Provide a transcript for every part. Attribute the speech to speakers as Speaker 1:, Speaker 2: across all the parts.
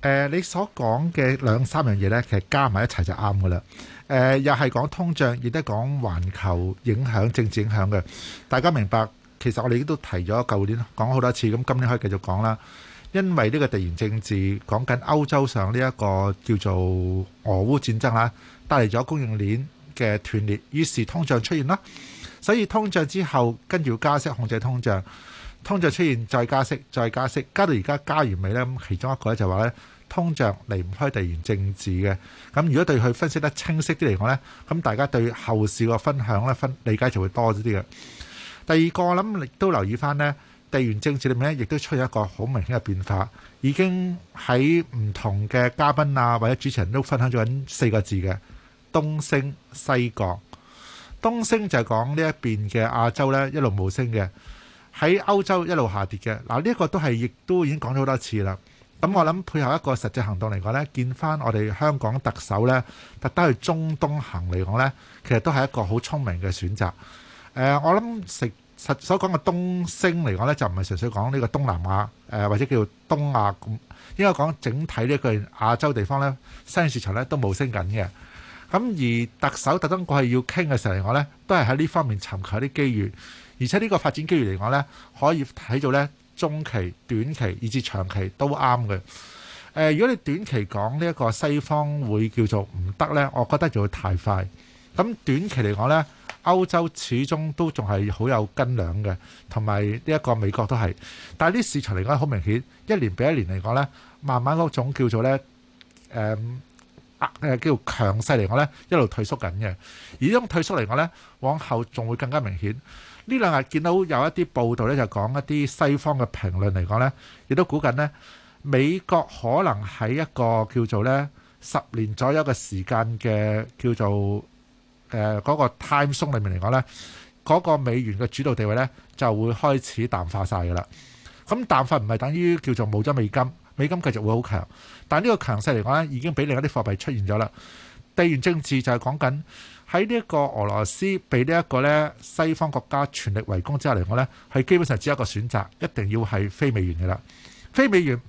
Speaker 1: 誒，你所講嘅兩三樣嘢咧，其實加埋一齊就啱嘅啦。誒，又係講通脹，亦都係講環球影響政治影響嘅。大家明白，其實我哋已經都提咗舊年講好多次，咁今年可以繼續講啦。因為呢個地緣政治講緊歐洲上呢一個叫做俄烏戰爭啦，帶嚟咗供應鏈嘅斷裂，於是通脹出現啦。所以通脹之後，跟住要加息控制通脹。通脹出現，再加息，再加息，加到而家加完尾咧。咁其中一個咧就話咧，通脹離唔開地緣政治嘅。咁如果對佢分析得清晰啲嚟講咧，咁大家對後市個分享咧分理解就會多咗啲嘅。第二個我諗亦都留意返咧，地緣政治裏面咧，亦都出現一個好明顯嘅變化，已經喺唔同嘅嘉賓啊或者主持人都分享咗緊四個字嘅東升西降。東升就係講呢一邊嘅亞洲咧一路無升嘅。喺歐洲一路下跌嘅嗱，呢一個都係，亦都已經講咗好多次啦。咁我諗配合一個實際行動嚟講呢，見翻我哋香港特首呢，特登去中東行嚟講呢，其實都係一個好聰明嘅選擇。誒，我諗食實，實所講嘅東升嚟講呢，就唔係純粹講呢個東南亞誒，或者叫東亞咁，應該講整體呢個亞洲地方呢，新市場呢都冇升緊嘅。咁而特首特登過去要傾嘅時候嚟講呢，都係喺呢方面尋求一啲機遇。而且呢個發展機遇嚟講呢，可以睇到呢中期、短期以至長期都啱嘅。誒，如果你短期講呢一個西方會叫做唔得呢，我覺得就會太快。咁短期嚟講呢，歐洲始終都仲係好有斤兩嘅，同埋呢一個美國都係。但係啲市場嚟講好明顯，一年比一年嚟講呢，慢慢嗰種叫做呢誒誒誒叫強勢嚟講呢，一路退縮緊嘅。而呢種退縮嚟講呢，往後仲會更加明顯。呢兩日見到有一啲報道咧，就講一啲西方嘅評論嚟講咧，亦都估緊咧，美國可能喺一個叫做咧十年左右嘅時間嘅叫做誒嗰、呃那個 time zone 裏面嚟講咧，嗰、那個美元嘅主導地位咧就會開始淡化晒㗎啦。咁淡化唔係等於叫做冇咗美金，美金繼續會好強，但係呢個強勢嚟講咧，已經俾另一啲貨幣出現咗啦。地緣政治就係講緊喺呢一個俄羅斯被呢一個咧西方國家全力圍攻之下嚟講咧，係基本上只有一個選擇，一定要係非美元嘅啦。非美元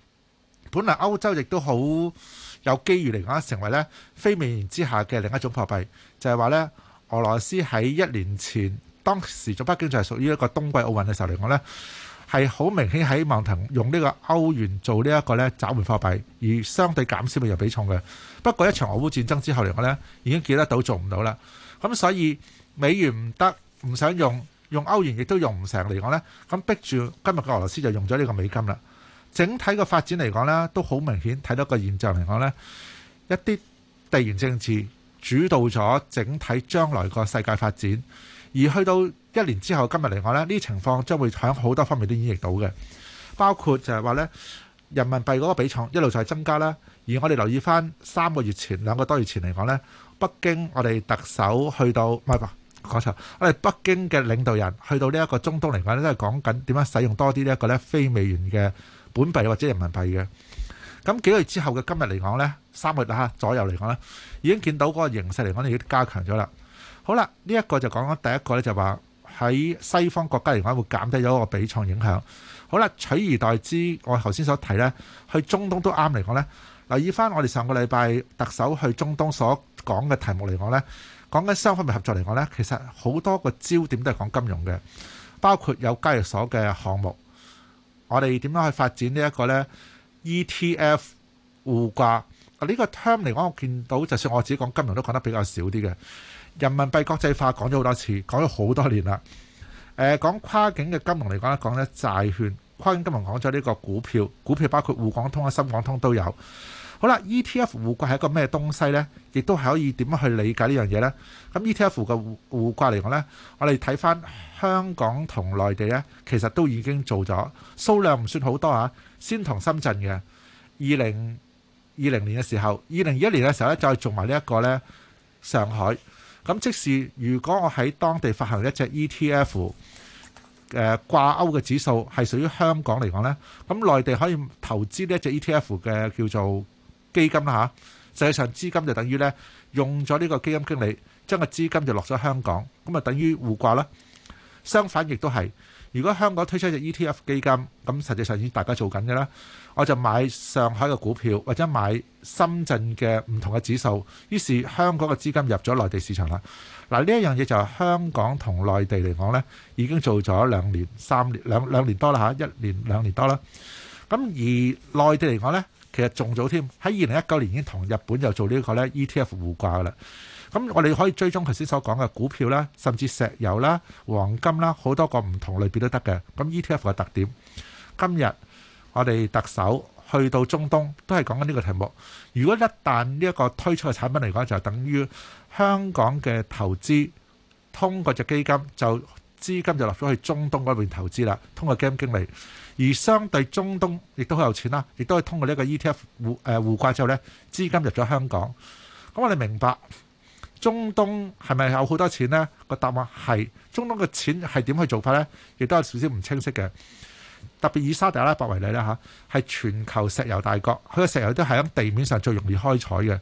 Speaker 1: 本來歐洲亦都好有機遇嚟講，成為咧非美元之下嘅另一種貨幣，就係話咧，俄羅斯喺一年前當時在北京就係屬於一個冬季奧運嘅時候嚟講咧。係好明顯喺孟騰用呢個歐元做這呢一個咧找換貨幣，而相對減少美元比重嘅。不過一場俄烏戰爭之後嚟講咧，已經見得到做唔到啦。咁所以美元唔得，唔想用用歐元亦都用唔成嚟講咧，咁逼住今日嘅俄羅斯就用咗呢個美金啦。整體嘅發展嚟講咧，都好明顯睇到個現象嚟講咧，一啲地緣政治主導咗整體將來個世界發展，而去到。一年之後今日嚟講咧，呢啲情況將會喺好多方面都演繹到嘅，包括就係話咧，人民幣嗰個比重一路就係增加啦。而我哋留意翻三個月前兩個多月前嚟講呢，北京我哋特首去到唔係唔係講錯，我哋北京嘅領導人去到呢一個中東嚟講呢，都係講緊點樣使用多啲呢一個咧非美元嘅本幣或者人民幣嘅。咁幾個月之後嘅今日嚟講呢，三個月左右嚟講呢，已經見到嗰個形勢嚟講，已經加強咗啦。好啦，呢、這個、一個就講緊第一個呢就話。喺西方國家嚟講，會減低咗一個比重影響。好啦，取而代之，我頭先所提呢，去中東都啱嚟講呢。留意翻我哋上個禮拜特首去中東所講嘅題目嚟講呢，講緊雙方面合作嚟講呢，其實好多個焦點都係講金融嘅，包括有交易所嘅項目。我哋點樣去發展呢一個呢 ETF 互掛呢個 term 嚟講，我見到就算我自己講金融都講得比較少啲嘅。人民幣國際化講咗好多次，講咗好多年啦。誒、呃，講跨境嘅金融嚟講咧，講咧債券跨境金融講咗呢個股票，股票包括滬港通啊、深港通都有。好啦，E T F 互掛係一個咩東西呢？亦都係可以點樣去理解呢樣嘢呢？咁 E T F 嘅互互掛嚟講呢，我哋睇翻香港同內地呢，其實都已經做咗，數量唔算好多啊。先同深圳嘅二零二零年嘅時候，二零二一年嘅時候咧，再做埋呢一個呢上海。咁即使，如果我喺當地發行一隻 ETF，誒掛鈎嘅指數係屬於香港嚟講呢，咁內地可以投資呢一隻 ETF 嘅叫做基金啦嚇。實際上資金就等於呢，用咗呢個基金經理將個資金就落咗香港，咁啊等於互掛啦。相反亦都係。如果香港推出一隻 ETF 基金，咁實際上已經大家做緊嘅啦。我就買上海嘅股票，或者買深圳嘅唔同嘅指數。於是香港嘅資金入咗內地市場啦。嗱呢一樣嘢就係香港同內地嚟講呢，已經做咗兩年、三年、兩兩年多啦嚇，一年兩年多啦。咁而內地嚟講呢，其實仲早添，喺二零一九年已經同日本就做呢個呢 ETF 互掛噶啦。咁我哋可以追蹤頭先所講嘅股票啦，甚至石油啦、黃金啦，好多個唔同類別都得嘅。咁 ETF 嘅特點，今日我哋特首去到中東都係講緊呢個題目。如果一旦呢一個推出嘅產品嚟講，就係等於香港嘅投資通過隻基金就資金就落咗去中東嗰邊投資啦。通過基金經理，而相對中東亦都好有錢啦，亦都可以通過呢一個 ETF 互誒互掛之後呢，資金入咗香港。咁我哋明白。中東係咪有好多錢呢？個答案係中東嘅錢係點去做法呢？亦都有少少唔清晰嘅。特別以沙特阿拉伯為例啦，吓，係全球石油大國，佢嘅石油都係喺地面上最容易開採嘅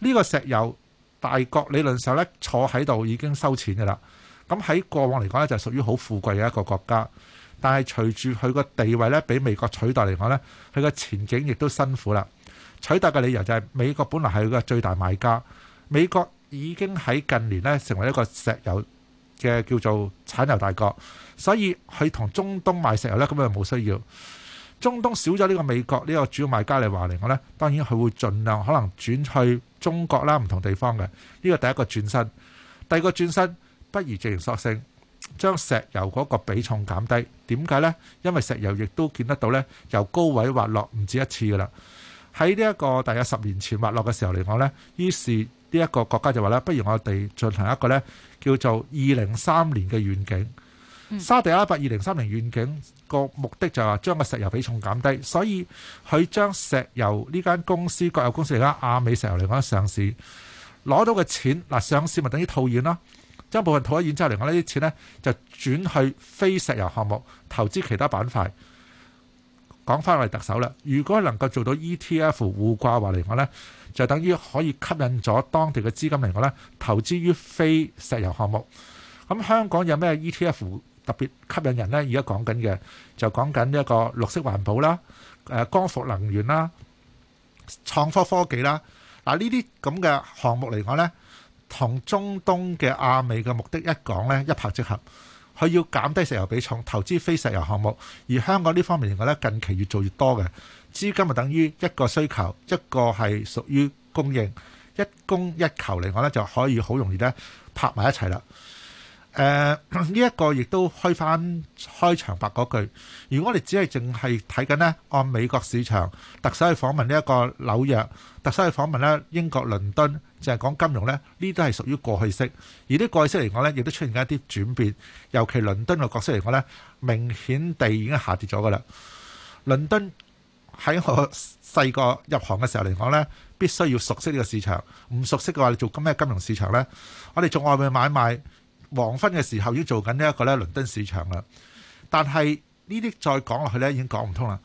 Speaker 1: 呢個石油大國。理論上咧，坐喺度已經收錢㗎啦。咁喺過往嚟講咧，就是、屬於好富貴嘅一個國家。但係隨住佢個地位咧，俾美國取代嚟講咧，佢嘅前景亦都辛苦啦。取代嘅理由就係、是、美國本來係佢嘅最大買家，美國。已經喺近年咧成為一個石油嘅叫做產油大國，所以佢同中東買石油咧，根本就冇需要。中東少咗呢個美國呢、這個主要買家嚟話嚟講咧，當然佢會盡量可能轉去中國啦，唔同地方嘅呢、這個第一個轉身。第二個轉身，不如直情索性將石油嗰個比重減低。點解呢？因為石油亦都見得到咧，由高位滑落唔止一次噶啦。喺呢一個大約十年前滑落嘅時候嚟講呢，於是。呢、這、一個國家就話咧，不如我哋進行一個呢叫做二零三年嘅願景。沙地阿拉伯二零三零願景個目的就係將個石油比重減低，所以佢將石油呢間公司國有公司嚟講，亞美石油嚟講上市攞到嘅錢，嗱上市咪等於套現啦，將部分套咗現之後嚟講呢啲錢呢就轉去非石油項目投資其他板塊。講翻嚟特首啦，如果能夠做到 ETF 互掛話嚟講呢，就等於可以吸引咗當地嘅資金嚟講呢，投資於非石油項目。咁香港有咩 ETF 特別吸引人呢？而家講緊嘅就講緊呢一個綠色環保啦、誒光伏能源啦、創科科技啦。嗱呢啲咁嘅項目嚟講呢，同中東嘅阿美嘅目的一講呢，一拍即合。佢要減低石油比重，投資非石油項目，而香港呢方面嚟講咧，近期越做越多嘅資金，就等於一個需求，一個係屬於供應，一供一求嚟講咧，就可以好容易咧拍埋一齊啦。誒呢一個亦都開返開場白嗰句。如果我哋只係淨係睇緊呢，按美國市場特首去訪問呢一個紐約，特首去訪問呢英國倫敦，淨係講金融呢，呢啲都係屬於過去式。而啲過去式嚟講呢，亦都出現緊一啲轉變，尤其倫敦嘅角色嚟講呢，明顯地已經下跌咗㗎喇。倫敦喺我細個入行嘅時候嚟講呢，必須要熟悉呢個市場。唔熟悉嘅話，你做咩金融市場呢？我哋做外面買賣。黃昏嘅時候，要做緊呢一個咧，倫敦市場啦。但係呢啲再講落去咧，已經講唔通啦。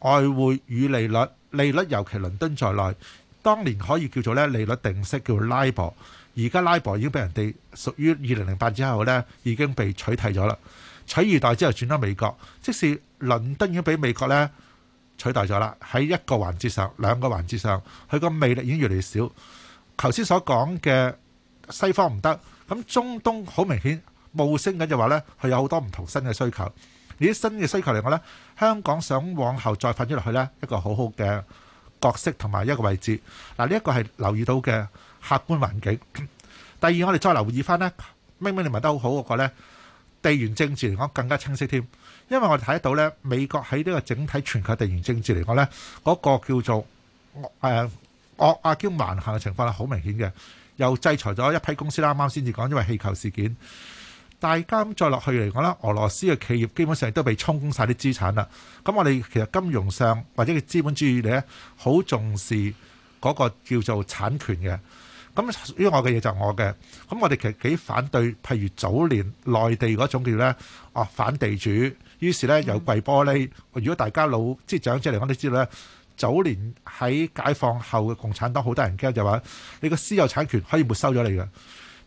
Speaker 1: 外匯與利率利率，尤其倫敦在內，當年可以叫做咧利率定式，叫做拉博，而家拉博已經俾人哋屬於二零零八之後咧，已經被取替咗啦。取而代之後轉咗美國，即使倫敦已經俾美國咧取代咗啦。喺一個環節上，兩個環節上，佢個魅力已經越嚟越少。頭先所講嘅西方唔得。咁中東好明顯冒升緊，就話咧佢有好多唔同新嘅需求。而啲新嘅需求嚟講咧，香港想往後再發展落去咧，一個好好嘅角色同埋一個位置。嗱，呢一個係留意到嘅客觀環境。第二，我哋再留意翻咧，明明你問得好好嗰個咧，地緣政治嚟講更加清晰添。因為我哋睇得到咧，美國喺呢個整體全球地緣政治嚟講咧，嗰個叫做誒惡阿嬌橫行嘅情況係好明顯嘅。又制裁咗一批公司啦，啱啱先至講，因為氣球事件，大家再落去嚟講啦，俄羅斯嘅企業基本上都被沖晒啲資產啦。咁我哋其實金融上或者嘅資本主義咧，好重視嗰個叫做產權嘅。咁屬於我嘅嘢就係我嘅。咁我哋其實幾反對譬如早年內地嗰種叫咧，哦、啊、反地主，於是咧、嗯、有跪玻璃。如果大家老即係長者嚟講都知道咧。早年喺解放後嘅共產黨，好多人驚就話你個私有產權可以沒收咗你嘅。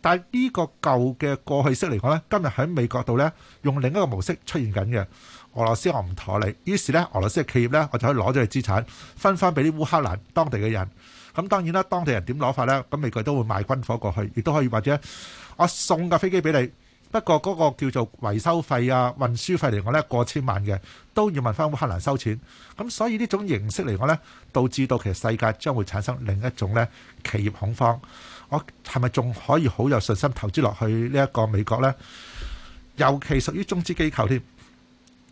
Speaker 1: 但係呢個舊嘅過去式嚟講呢今日喺美國度呢，用另一個模式出現緊嘅。俄羅斯我唔妥你，於是呢，俄羅斯嘅企業呢，我就可以攞咗你資產分翻俾啲烏克蘭當地嘅人。咁當然啦，當地人點攞法呢？咁美國都會賣軍火過去，亦都可以或者我送架飛機俾你。不過嗰個叫做維修費啊、運輸費嚟講呢，過千萬嘅都要問翻烏克蘭收錢。咁所以呢種形式嚟講呢，導致到其實世界將會產生另一種呢企業恐慌。我係咪仲可以好有信心投資落去呢一個美國呢？尤其屬於中資機構添。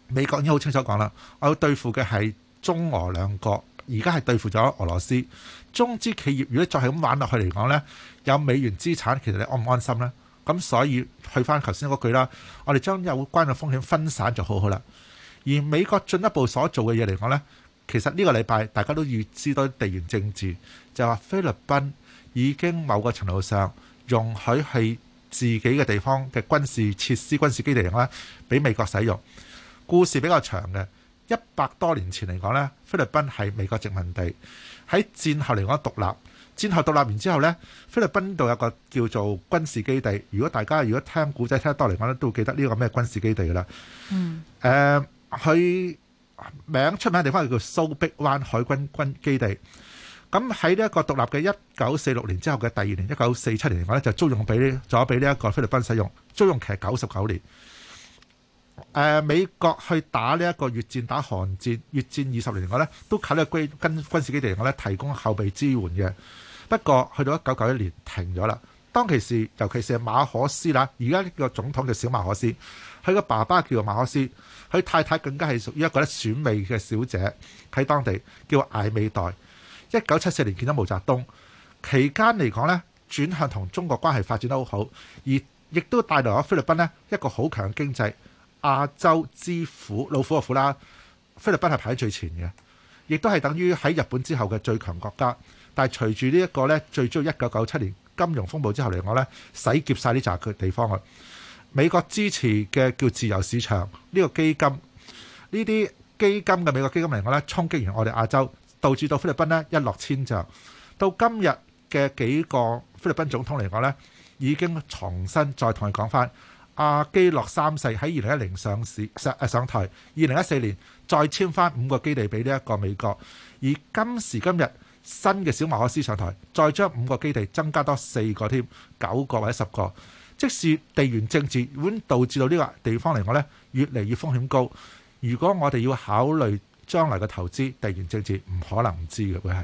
Speaker 1: 美國已經好清楚講啦，我要對付嘅係中俄兩國，而家係對付咗俄羅斯。中資企業如果再係咁玩落去嚟講呢，有美元資產，其實你安唔安心呢？咁所以去翻頭先嗰句啦，我哋將有關嘅風險分散就好好啦。而美國進一步所做嘅嘢嚟講呢，其實呢個禮拜大家都預知到地緣政治，就話菲律賓已經某個程度上容許喺自己嘅地方嘅軍事設施、軍事基地嚟講呢，俾美國使用。故事比較長嘅，一百多年前嚟講呢，菲律賓係美國殖民地，喺戰後嚟講獨立。戰後獨立完之後呢，菲律賓度有個叫做軍事基地。如果大家如果聽古仔聽得多嚟講咧，都會記得呢個咩軍事基地噶啦。嗯。誒、呃，佢名出名地方係叫蘇碧灣海軍軍基地。咁喺呢一個獨立嘅一九四六年之後嘅第二年，一九四七年嚟講呢，就租用俾咗俾呢一個菲律賓使用。租用期係九十九年。誒、呃，美國去打呢一個越戰打韓戰，越戰二十年嚟講呢，都靠呢個軍跟軍事基地嚟講呢，提供後備支援嘅。不過去到一九九一年停咗啦。當其時，尤其是係馬可斯啦，而家呢個總統叫小馬可斯，佢個爸爸叫做馬可斯，佢太太更加係屬於一個咧選美嘅小姐，喺當地叫艾美黛。一九七四年見到毛澤東，期間嚟講呢，轉向同中國關係發展得好好，而亦都帶嚟咗菲律賓呢一個好強的經濟。亞洲之虎，老虎嘅虎啦，菲律賓係排喺最前嘅，亦都係等於喺日本之後嘅最強國家。但係，隨住呢一個咧，最主要一九九七年金融風暴之後嚟講咧，洗劫晒呢集團地方去美國支持嘅叫自由市場呢、呢個基金呢啲基金嘅美國基金嚟講咧，衝擊完我哋亞洲，導致到菲律賓咧一落千丈。到今日嘅幾個菲律賓總統嚟講咧，已經重新再同佢講翻，阿基諾三世喺二零一零上市上上台，二零一四年再簽翻五個基地俾呢一個美國，而今時今日。新嘅小馬可斯上台，再將五個基地增加多四個添，九個或者十個，即使地緣政治會導致到呢個地方嚟講呢，越嚟越風險高。如果我哋要考慮將來嘅投資，地緣政治唔可能唔知嘅會係。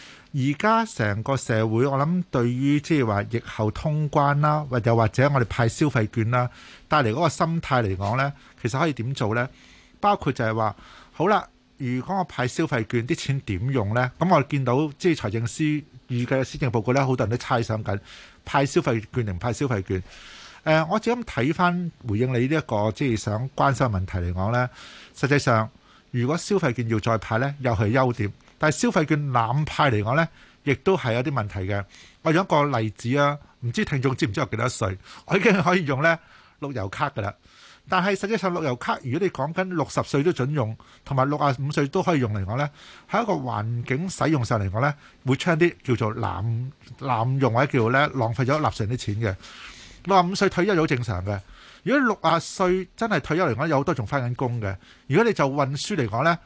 Speaker 1: 而家成個社會，我諗對於即係話疫後通關啦，或又或者我哋派消費券啦，帶嚟嗰個心態嚟講呢，其實可以點做呢？包括就係話，「好啦，如果我派消費券，啲錢點用呢？」咁我見到即係財政司預計嘅施政報告呢，好多人都猜想緊派消費券定唔派消費券？呃，我只咁睇翻回應你呢一個即係想關心嘅問題嚟講呢，實際上如果消費券要再派呢，又係優點。但係消費券濫派嚟講呢，亦都係有啲問題嘅。我有一個例子啊，唔知聽眾知唔知我幾多歲？我已經可以用呢樂悠卡㗎啦。但係實際上樂悠卡，如果你講緊六十歲都準用，同埋六十五歲都可以用嚟講呢，喺一個環境使用上嚟講呢，會出啲叫做濫濫用或者叫做呢浪費咗納稅人啲錢嘅。六十五歲退休好正常嘅。如果六十歲真係退休嚟講，有好多仲翻緊工嘅。如果你就運輸嚟講呢，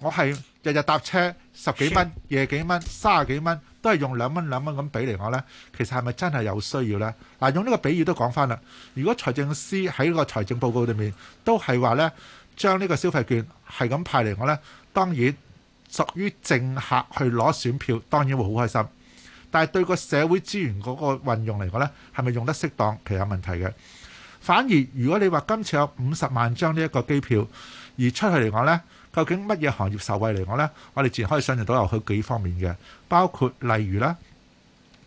Speaker 1: 我係。日日搭車十幾蚊、夜幾蚊、三十幾蚊，都係用兩蚊兩蚊咁俾嚟我呢，其實係咪真係有需要呢？嗱，用呢個比喻都講翻啦。如果財政司喺個財政報告裏面都係話呢，將呢個消費券係咁派嚟我呢，當然屬於政客去攞選票，當然會好開心。但係對個社會資源嗰個運用嚟講呢，係咪用得適當，其實有問題嘅。反而如果你話今次有五十萬張呢一個機票而出去嚟講呢。究竟乜嘢行業受惠嚟講呢？我哋自然可以想象到有佢幾方面嘅，包括例如啦，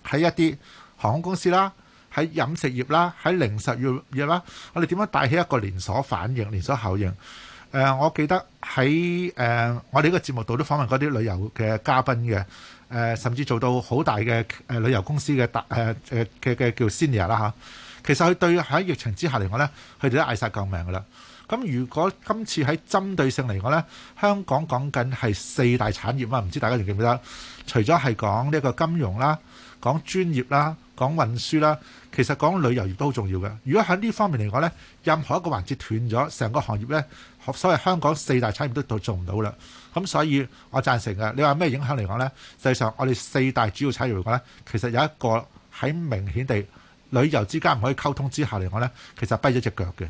Speaker 1: 喺一啲航空公司啦，喺飲食業啦，喺零售業啦，我哋點樣帶起一個連鎖反應、連鎖效應、呃、我記得喺誒、呃、我哋呢個節目度都訪問過啲旅遊嘅嘉賓嘅、呃，甚至做到好大嘅旅遊公司嘅大嘅嘅叫 senior 啦、啊、其實佢對喺疫情之下嚟講呢，佢哋都嗌晒救命噶啦。咁如果今次喺針對性嚟講呢，香港講緊係四大產業啊，唔知大家仲記唔記得？除咗係講呢個金融啦、講專業啦、講運輸啦，其實講旅遊業都好重要嘅。如果喺呢方面嚟講呢，任何一個環節斷咗，成個行業呢，所謂香港四大產業都做唔到啦。咁所以我贊成嘅。你話咩影響嚟講呢？實際上我哋四大主要產業嚟講呢，其實有一個喺明顯地旅遊之間唔可以溝通之下嚟講呢，其實跛咗隻腳嘅。